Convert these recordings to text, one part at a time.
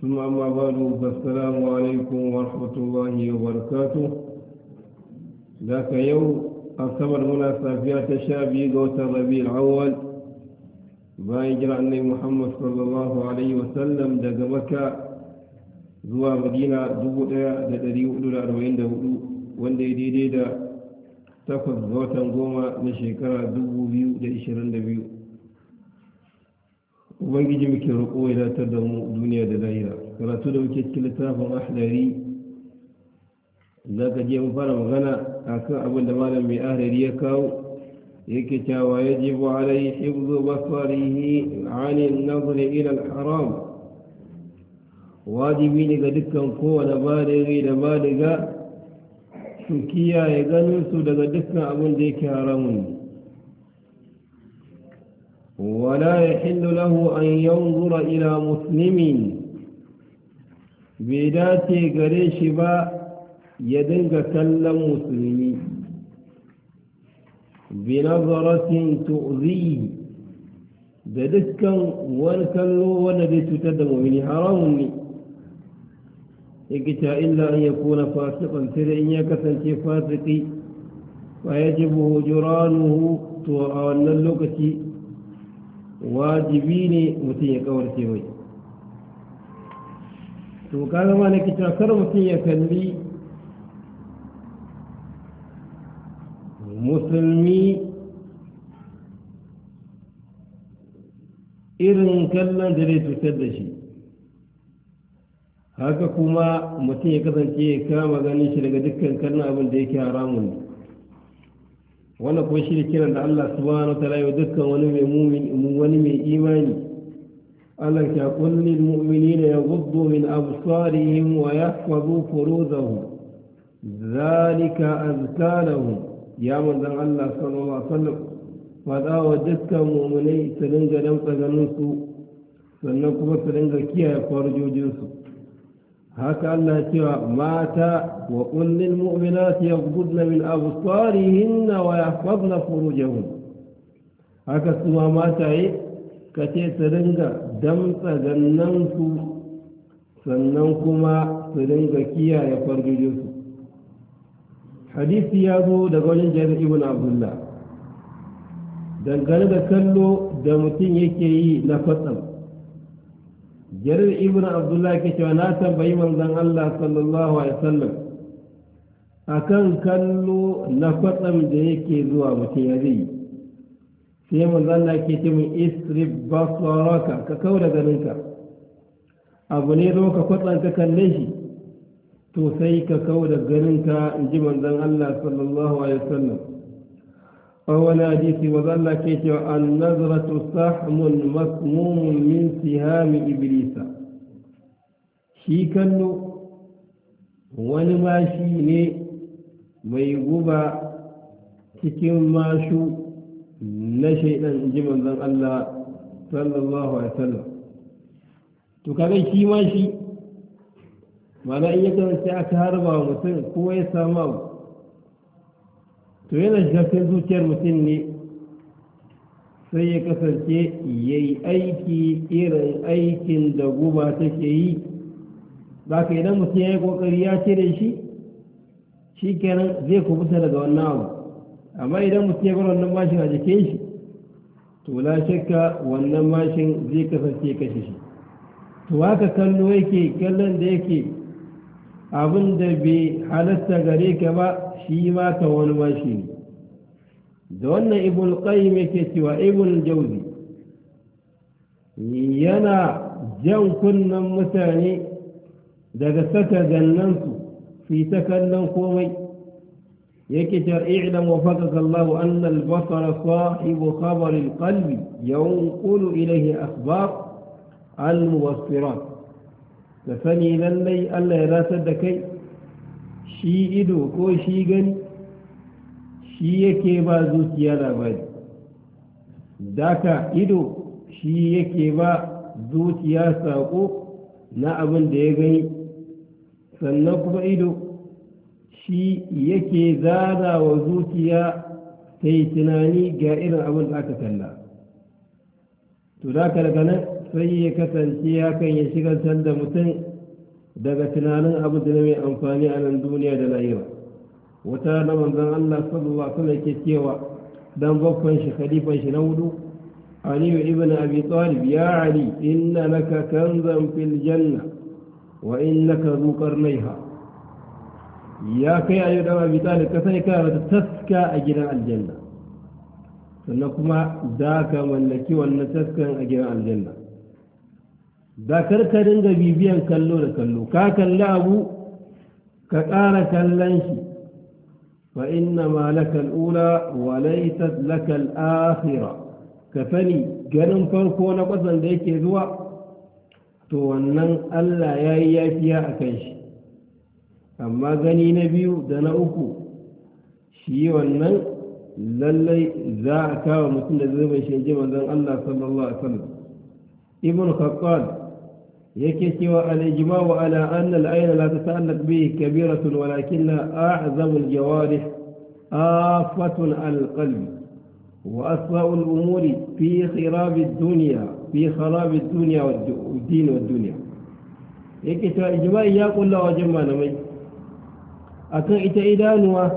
ثم أما بعد فالسلام عليكم ورحمة الله وبركاته ذاك يوم أصبر هنا سافيات شابي قوت الربيع الأول يجرى أني محمد صلى الله عليه وسلم دق مكة زوا مدينة دبوتا دتري أولو الأربعين دبوتو واندي دي دي دا تقف قوتا قوما نشيكرا دبو بيو دا إشرين دبيو ubangiji muke roƙo ya datar da mu duniya da lahira karatu da muke cikin littafin ahlari za ka je mu fara magana a kan abin da malam mai ahdari ya kawo yake cewa ya je bu alai hibzu basarihi ani nazri ila haram wajibi ne ga dukkan kowane baligi da baliga su kiyaye ganin su daga dukkan abin da yake haramun ne ولا يحل له أن ينظر إلى مسلم بذاتي قريش با يدنك كلم مسلم بنظرة تؤذيه بدكا ونكلو ونديت تدم من حرامني إكتا إلا أن يكون فاسقا سرعين يكسن فاسقي فيجب جرانه وأن اللوكتي wajibi ne mutum ya kawarce mai to ka zama na kar mutum ya kalli musulmi irin kallon da zai cutar da shi haka kuma mutum ya kasance ya kama ganin shi daga dukkan kallon abin da yake haramun ne wannan kuma shi da kiran da Allah subhanahu wa ta'ala ya dukkan wani mai mumin wani mai imani Allah ya kulli almu'minina yaghuddu min absarihim wa yahfazu furuzahum zalika azka ya manzon Allah sallallahu alaihi wasallam da wa dukkan mu'minai su dinga danka ganin su sannan kuma su dinga kiyaye farjojinsu haka Allah ya cewa mata wa kullil mu'minati yaghdudna min absarihinna wa furu furujahun haka su ma mataye ka ce su ringa damsa gannan su sannan kuma su ringa kiyaye fargijinsu? hadisi ya zo daga wajen jami'in ibn abdullah dangane da kallo da mutum yake yi na fatsam jarir ibn abdullah ke cewa na tambayi manzon Allah sallallahu alaihi wasallam akan kallo na kwatsam da yake zuwa mutum ya zai sai manzon Allah ke ce min isrif basaraka ka kauda ganinka abu ne zo ka kwatsan ka kalle shi to sai ka kauda ganinka in ji manzon Allah sallallahu alaihi wasallam wani hadisi wa zalla ke cewa an nazaratu sahmun masmumun min sihami iblisa shi kallo wani mashi ne mai guba cikin masu na shaidan ji manzon Allah sallallahu alaihi wasallam to kaga shi mashi mana in ya kasance aka harba mutum ko ya samu to yana shiga sai zuciyar mutum ne sai ya kasance ya yi aiki irin aikin da guba take yi ba ka idan mutum ya yi kokari ya cire shi shi kenan zai kubuta daga wannan abu amma idan mutum ya bar wannan mashin a jikin shi to la shakka wannan mashin zai kasance kashe shi to haka kallo yake kallon da yake abin da bai halasta gare ka ba shi ma ka wani ma shi ne da wannan ibn qayyim yake cewa ibul jauzi yana jan kunnen mutane daga saka su fi ta kallon komai yake cewa i'lam wa faqaka Allah anna al-basara sahibu khabar al-qalbi yanqulu ilayhi akhbar al-mubassirat da sani lallai Allah ya ratar da kai shi ido ko shi gani shi yake ba zuciya labari daka ido shi yake ba zuciya sako na abin da ya gani sannan kuma ido shi yake zana wa zuciya ta yi tunani ga irin abin da aka kalla to da daga nan sai ya kasance hakan ya shigaltar da mutum daga tunanin abu da mai amfani a nan duniya da lahira wata na manzan Allah sallallahu alaihi ke cewa dan babban shi khalifan shi na hudu Ali ibn Abi Talib ya Ali inna laka kanzan fil janna wa innaka zu qarnaiha ya kai ayu da Abi Talib ka sai ka da taska a gidan aljanna sannan kuma za ka mallaki wannan taskan a gidan aljanna da ka dinga bibiyan kallo da kallo ka kalli abu ka ƙara kallon shi fa inna ma laka al'ula wa laysat laka al'akhirah ka sani ganin farko na kwasan da yake zuwa to wannan Allah yayi yafiya akan shi amma gani na biyu da na uku shi wannan lallai za a kawo mutum da zai bai shi ji manzon Allah sallallahu alaihi wasallam ibn khattab يكتي الإجماع على أن العين لا تتعلق به كبيرة ولكن أعظم الجوارح آفة القلب وأسوأ الأمور في خراب الدنيا في خراب الدنيا والدين والدنيا يكتي إجماع يا قل الله وجمع نمي أكن إتعيدان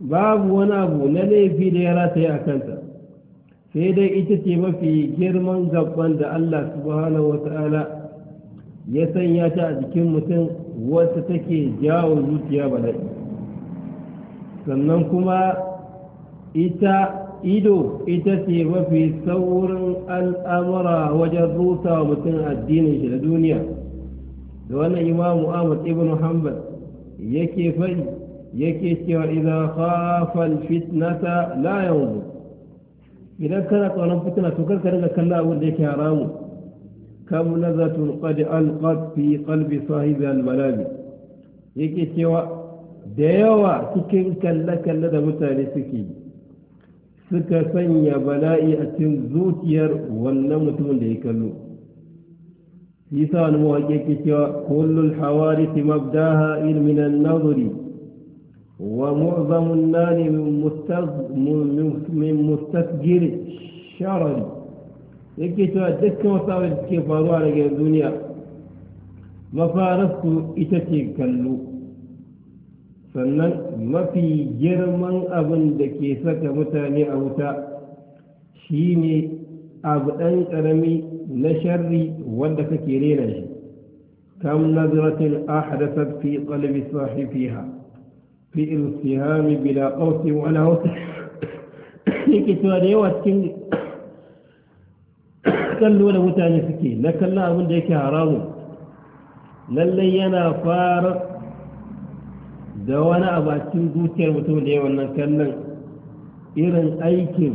باب ونابو للي في ليراتي أكنت سيدي إتتي ما في جرمان زبان الله سبحانه وتعالى ya sanya ta a jikin mutum wata take jawo zuciya bala'i sannan kuma ita ido ita ce mafi saurin al'amura wajen rusa wa mutum addinin shi da duniya da wannan imamu ahmad ibn hanbal yake fari yake cewa idan khafal fitnata la yanzu idan kana tsoron fitina to karka daga kalla abin da yake haramu كم كمنذة قد ألقت في قلب صاحب الملام يكي سوى ديوى تكن كلك لدى متالسكي سكا سنيا بلائي أتن زوتير ونمتون ليكلو يسان هو يكي كل الحوارث مبداها إل من النظر ومعظم النار من مستفجر شرر yake cewa dukkan wasu abin da suke faruwa daga duniya mafararsu ita ce kallo sannan mafi girman abin da ke saka mutane a wuta shine abu ɗan ƙarami na sharri wanda kake rena shi kam nazratin ahdathat fi qalbi sahibiha fi iltihami bila qawsi wala wasa yake cewa da yawa cikin kallo da mutane suke na kallon abin da yake haramun lallai yana fara da wani abacin zuciyar mutum da yawan nan kallon irin aikin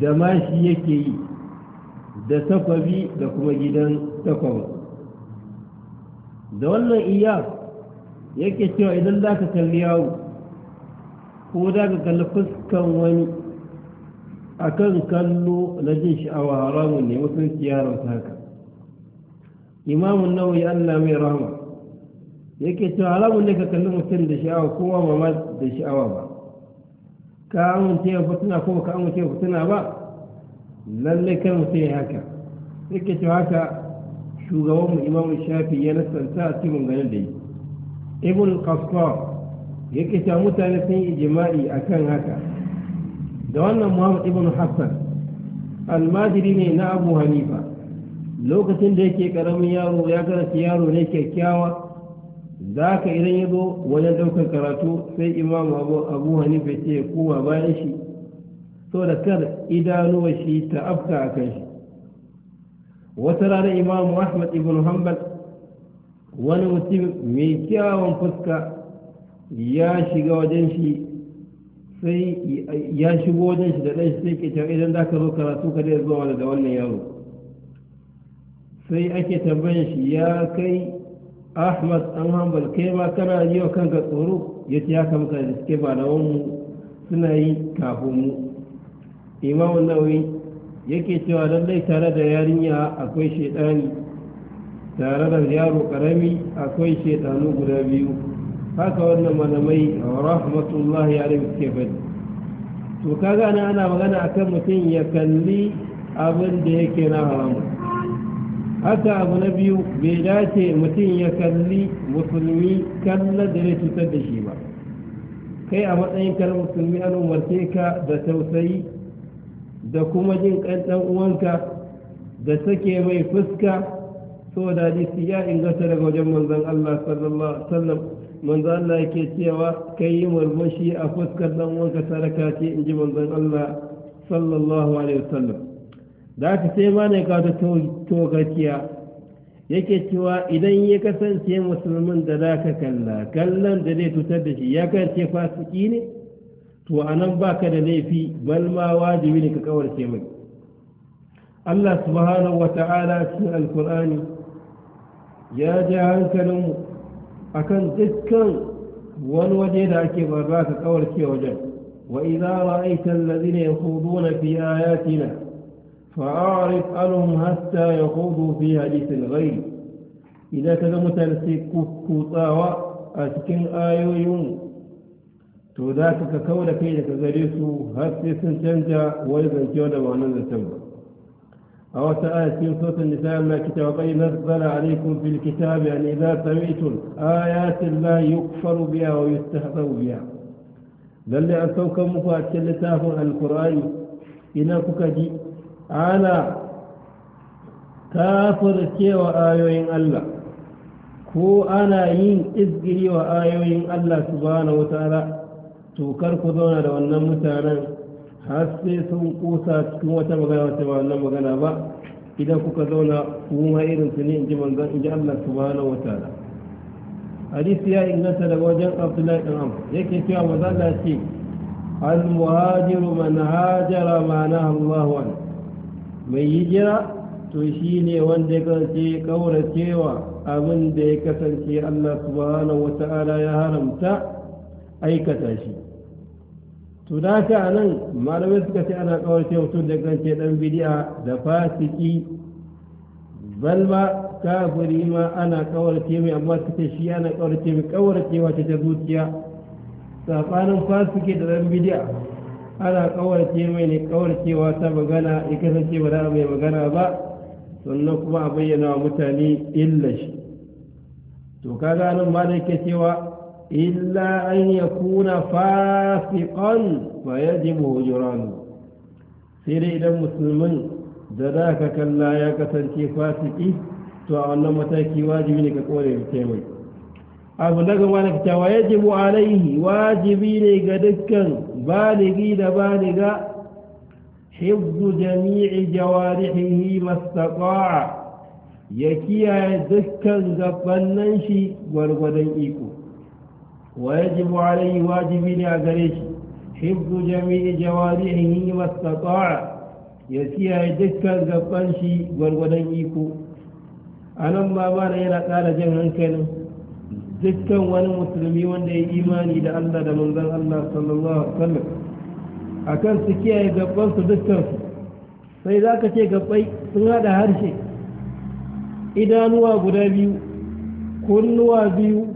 da mashi yake yi da takwabi da kuma gidan takwabi da wannan iya yake cewa idan za ka kalli yawo ko za ka kalli fuskan wani Akan kallo na jin sha'awa haramun ne mutunci yaron ta haka imamun ya allah mai rahama yake cewa haramun ne ka kalli mutum da sha'awa kowa ba ma da sha'awa ba ka amince wa fituna ko ka amince ya fituna ba lallai kan mutum ya haka yake cewa haka shugabanmu imamu shafi ya nasanta a cikin ganin da yi ibn qasqar yake cewa mutane sun yi jima'i akan haka da wannan muhammad ibn hassan almajiri ne na abu hanifa lokacin da yake karamin yaro ya karanta yaro ne kyakkyawa za ka idan ya zo wajen ɗaukar karatu sai imam abu hanifa ce kowa bayan shi so da kar idanuwa shi ta afka a kan shi wata rana imam ahmad ibn hanbal wani mutum mai kyawun fuska ya shiga wajen shi sai ya shigo wajen shi da ɗan shi sai ke cewa idan za ka zo karatu ka dai zuwa da wannan yaro sai ake tambayar shi ya kai ahmad an hambal kai ma kana yi wa kanka tsoro ya ce ya kama ka da suke ba mu suna yi kafin mu imamun ya yake cewa lallai tare da yarinya akwai shaidani tare da yaro karami akwai shaidanu guda biyu haka wannan malamai rahmatullahi alaihi suke faɗi to kaga gane ana magana akan mutum ya kalli abin da yake na haramu haka abu na biyu bai dace mutum ya kalli musulmi kalla da ya cutar da shi ba kai a matsayin kar musulmi an umarce ka da tausayi da kuma jin ɗan uwanka da sake mai fuska da hadisi ya inganta daga wajen manzon Allah sallallahu alaihi wasallam manzo Allah yake cewa kai yi murmushi a fuskar dan wanka saraka ce in ji manzon Allah sallallahu alaihi wasallam da ta sai ma ne ka ta to gaskiya yake cewa idan ya kasance musulmin da zaka kalla kallan da zai cutar da shi ya kance fasiki ne to a nan ba ka da laifi bal ma wajibi ne ka kawarce mai Allah subhanahu wa ta'ala cikin alkur'ani ya ja hankalin akan dukkan wani waje da ake barra ka kawar kawarce wajen wa idza ra'aita alladhina yakhuduna fi ayatina fa'arif anhum hatta yakhudu fi hadithin ghayr idan ka ga mutane sai kutsawa a cikin ayoyin to za ka ka kawo da kai daga gare su har sai sun canja wani zance da ba wannan zancen ba أو سألت في سورة النساء الماكتة وقد نزل عليكم في الكتاب أن إذا سمعتم آيات الله يكفر بها ويستهزأ بها lalle an saukar muku a cikin littafin alkur'ani ina kuka ji ana kafir cewa ayoyin Allah ko ana yin izgiri wa ayoyin Allah subhanahu wataala to kar ku zauna da wannan mutanen har sai sun kusa cikin wata magana wata ba wannan magana ba idan kuka zauna kuma irin su ne in ji manzan in ji Allah subhanahu wataala hadisi ya inganta daga wajen Abdullahi dan Amr yake cewa manzon da ce al muhajiru man hajara ma na Allahu an mai hijira to ne wanda ya kasance kauracewa abin da ya kasance Allah subhanahu wataala ya haramta aikata shi to da haka a nan malamai suka ce ana kawarce mutum da kance dan bidi'a da fasiki balma kafiri ma ana kawarce mai amma suka ce shi ana kawarce mai kawarce wace ta zuciya tsakanin fasiki da dan bidi'a ana kawarce mai ne kawarcewa ta magana ya kasance ba da mai magana ba sannan kuma a bayyana wa mutane illa shi to kaga nan ma da yake cewa Illa إلا أن يكون فاسقا فيجب هجرانه سيري إذا مسلمين ذاك kalla ya kasance فاسقي to a wannan mataki wajibi ne ka kore rikice mai abu na gaba da fita wajibu alaihi wajibi ne ga dukkan baligi da baliga hifzu jami'i jawarihi mastaqa'a ya kiyaye dukkan gabannan shi gwargwadon iko ويجب عليه ne, أقريش حفظ جميع جوارحه ما استطاع يسيا دكا زبانشي والودنيكو أنا ما ما نينا قال جمعا كانوا dukkan wani musulmi wanda ya imani da Allah da manzon Allah sallallahu akan su kiyaye gaban su dukkan su sai zaka ce gabai sun hada harshe idanuwa guda biyu kunnuwa biyu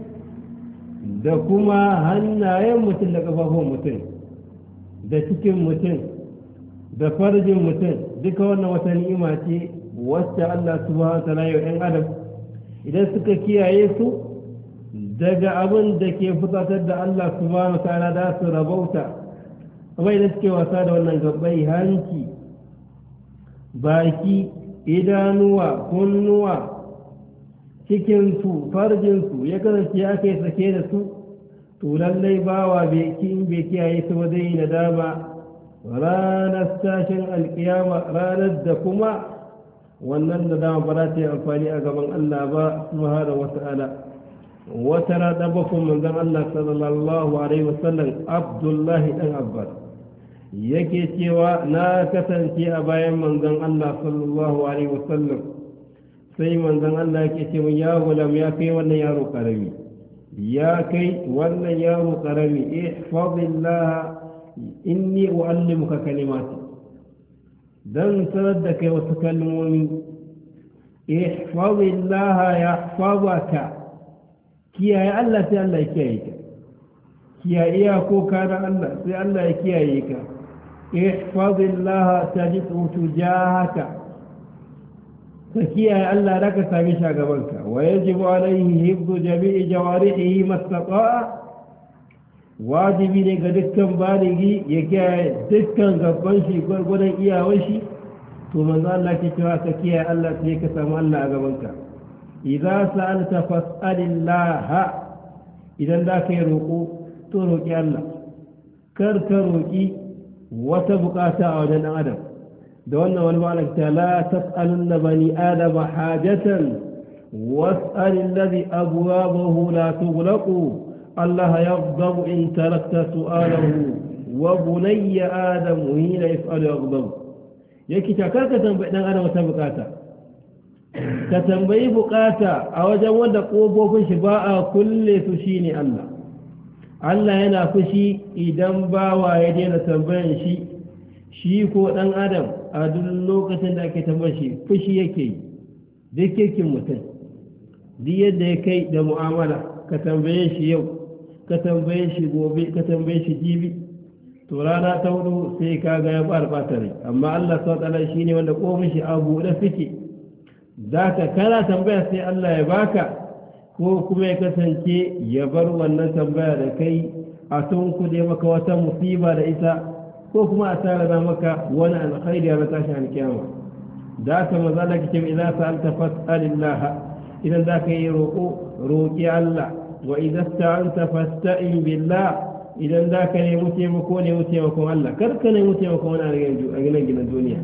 da kuma hannayen mutum da ƙafafun mutum da cikin mutum da farjin mutum duka wannan wata ni'ima ce wacce Allah subhanahu wa ta'ala yau adam idan suka kiyaye su daga abin da ke fusatar da Allah subhanahu wa ta'ala da su rabauta kuma idan suke wasa da wannan gabbai hanci baki idanuwa kunnuwa cikinsu farjinsu ya kasance aka kai sake da su to lallai bawa bai in bai kiyaye su ba zai yi dama. ranar tashin alkiyama ranar da kuma wannan da dama ba za ta yi amfani a gaban Allah ba subhanahu wa ta'ala wata rada bakon manzon Allah sallallahu alaihi wasallam Abdullahi dan Abbas yake cewa na kasance a bayan manzon Allah sallallahu alaihi wasallam sai manzan Allah yake ce mun ya gulam ya kai wannan yaro karami ya kai wannan yaro karami ihfazillah inni uallimuka kalimati dan sanar da kai wasu kalmomi ihfazillah yahfazuka kiyaye Allah sai Allah ya kiyaye ka kiyaye ko kana Allah sai Allah ya kiyaye ka ihfazillah tajidu tujahaka ka kiyaye Allah da ka sami shi a gabanka wa yajibu alaihi hibdu jami'i jawarihi mastaqa'a wajibi ne ga dukkan baligi ya kiyaye dukkan gaban shi gwargwadon iyawar shi to manzo Allah ke cewa ka kiyaye Allah sai ka samu Allah a gabanka idza sa'alta fas'alillah idan da ka yi roƙo to roƙi Allah kar ka roƙi wata buƙata a wajen ɗan adam da wannan wani malam ta la tas'alun na bani adama hajatan was'alin ladhi abwabahu la tughlaqu Allah yaghdabu in tarakta su'alahu wa bunayya adam hina yaf'alu Ya ki ta karka tambayi dan adam wata bukata ka tambayi bukata a wajen wanda kofofin shi ba a kulle su ne Allah Allah yana fushi idan bawa ya daina tambayan shi shi ko dan adam a duk lokacin da ake tambar shi fushi yake yi duk yake mutum duk yadda ya kai da mu'amala ka tambaye shi yau ka tambaye shi gobe ka tambaye shi jibi to rana ta hudu sai ka ga ya fara bata rai amma Allah sau tsala shi ne wanda kofin shi a buɗe suke za ka kana tambaya sai Allah ya baka ko kuma ya kasance ya bar wannan tambaya da kai a tun kuɗe maka wata musiba da ita ko kuma a tara da maka wani alkhairi ya a tashi alkiyama da ka maza da kake idan sa'alta fas'alillah idan za ka yi roƙo roƙi Allah wa idan ta alta fasta'in billah idan za ka nemi taimako nemi taimakon Allah kar ka nemi taimakon wani a gidan gidan duniya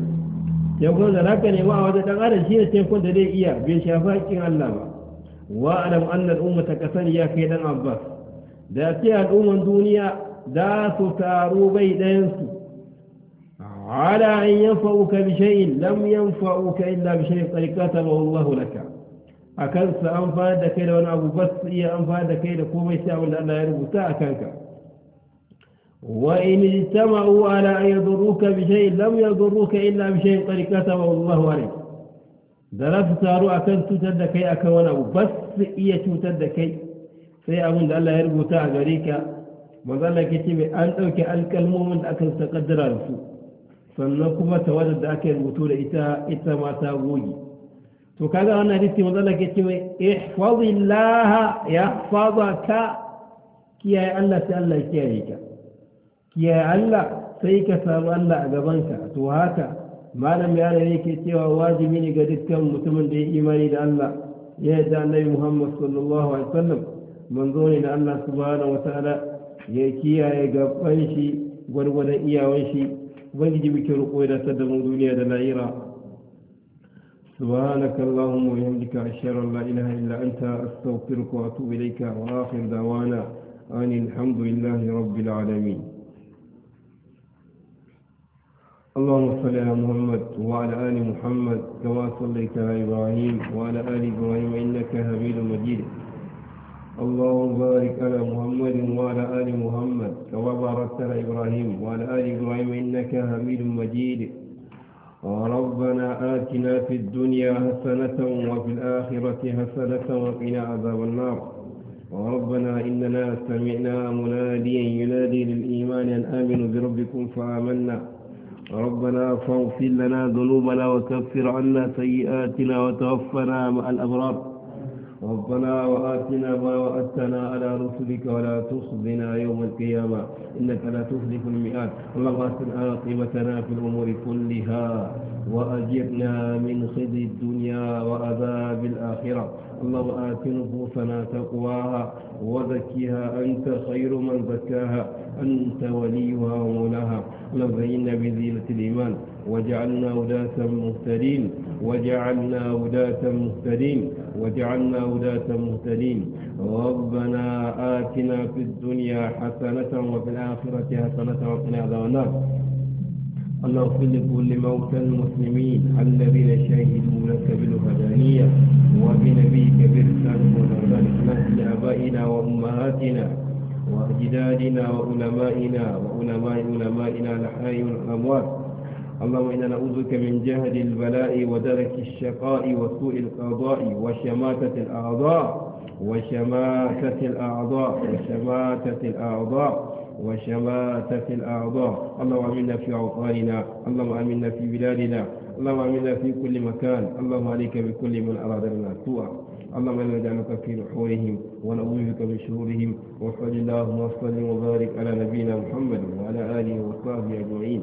taimakon da za ka nemi a wajen ɗan adam shi ne taimakon da zai iya bai shafi haƙƙin Allah ba wa alam annal umma ta kasar ya kai dan Abbas da ce al'umman duniya za su taru bai ɗayansu على أن ينفعوك بشيء لم ينفعوك إلا بشيء قد كتبه الله لك أكنس أنفا دكيل وأنا أبو بس إيا أنفا دكيل كوما يساعد الله يربطا أكنك وإن اجتمعوا على أن يضروك بشيء لم يضروك إلا بشيء قد كتبه الله عليك دلت تارو أكنس تدكي أكوانا أبو بس إيا تدكي سيأمون الله يربطا أكريك وظل كتب أن أوكي ألك المؤمن أكنس قدر رسول sannan kuma tawadar da aka yi rubutu da ita ita ta goge to kaga wannan hadisi matsala ke cewa ihfazillaha ya kiyaye Allah sai Allah kiyaye ka kiyaye Allah sai ka samu Allah a gabanka to haka malam ya ne yake cewa wajibi ne ga dukkan mutumin da ya imani da Allah ya yarda Annabi Muhammad sallallahu alaihi wasallam manzo ne da Allah subhanahu wataala ya kiyaye gaban shi gwargwadon iyawan shi ubangiji muke roƙo ya dace da mu duniya da lahira سبحانك اللهم وبحمدك أشهد أن لا إله إلا أنت أستغفرك وأتوب إليك وآخر دعوانا أن الحمد لله رب العالمين اللهم صل على محمد وعلى آل محمد كما صليت على إبراهيم وعلى آل إبراهيم إنك حميد مجيد اللهم بارك على محمد وعلى آل محمد كما باركت على إبراهيم وعلى آل إبراهيم إنك حميد مجيد ربنا آتنا في الدنيا حسنة وفي الآخرة حسنة وقنا عذاب النار ربنا إننا سمعنا مناديا ينادي للإيمان أن آمنوا بربكم فآمنا ربنا فاغفر لنا ذنوبنا وكفر عنا سيئاتنا وتوفنا مع الأبرار ربنا وآتنا ما وعدتنا على رسلك ولا تخزنا يوم القيامة إنك لا تخلف المئات اللهم أحسن عاقبتنا في الأمور كلها وأجرنا من خزي الدنيا وعذاب الآخرة اللهم آت نفوسنا تقواها وزكيها أنت خير من زكاها أنت وليها ومولاها اللهم زينا بزينة الإيمان وجعلنا هداة مهتدين وجعلنا هداة مهتدين وجعلنا هداة مهتدين ربنا آتنا في الدنيا حسنة وفي الآخرة حسنة وقنا عذاب النار اللهم اغفر لكل موتى المسلمين الذين شهدوا لك بالوحدانية وبنبيك برسالة ونعمة لآبائنا وأمهاتنا وأجدادنا وعلمائنا وعلماء علمائنا الحي والأموات اللهم إنا نعوذك من جهد البلاء ودرك الشقاء وسوء القضاء وشماتة الأعضاء وشماتة الأعضاء وشماتة الأعضاء وشماتة الأعضاء اللهم آمنا في أوطاننا اللهم آمنا في بلادنا اللهم آمنا في كل مكان اللهم عليك بكل من أراد لنا سوءا اللهم إنا نجعلك في نحورهم ونعوذ بك من شرورهم وصل اللهم وسلم وبارك على نبينا محمد وعلى آله وصحبه أجمعين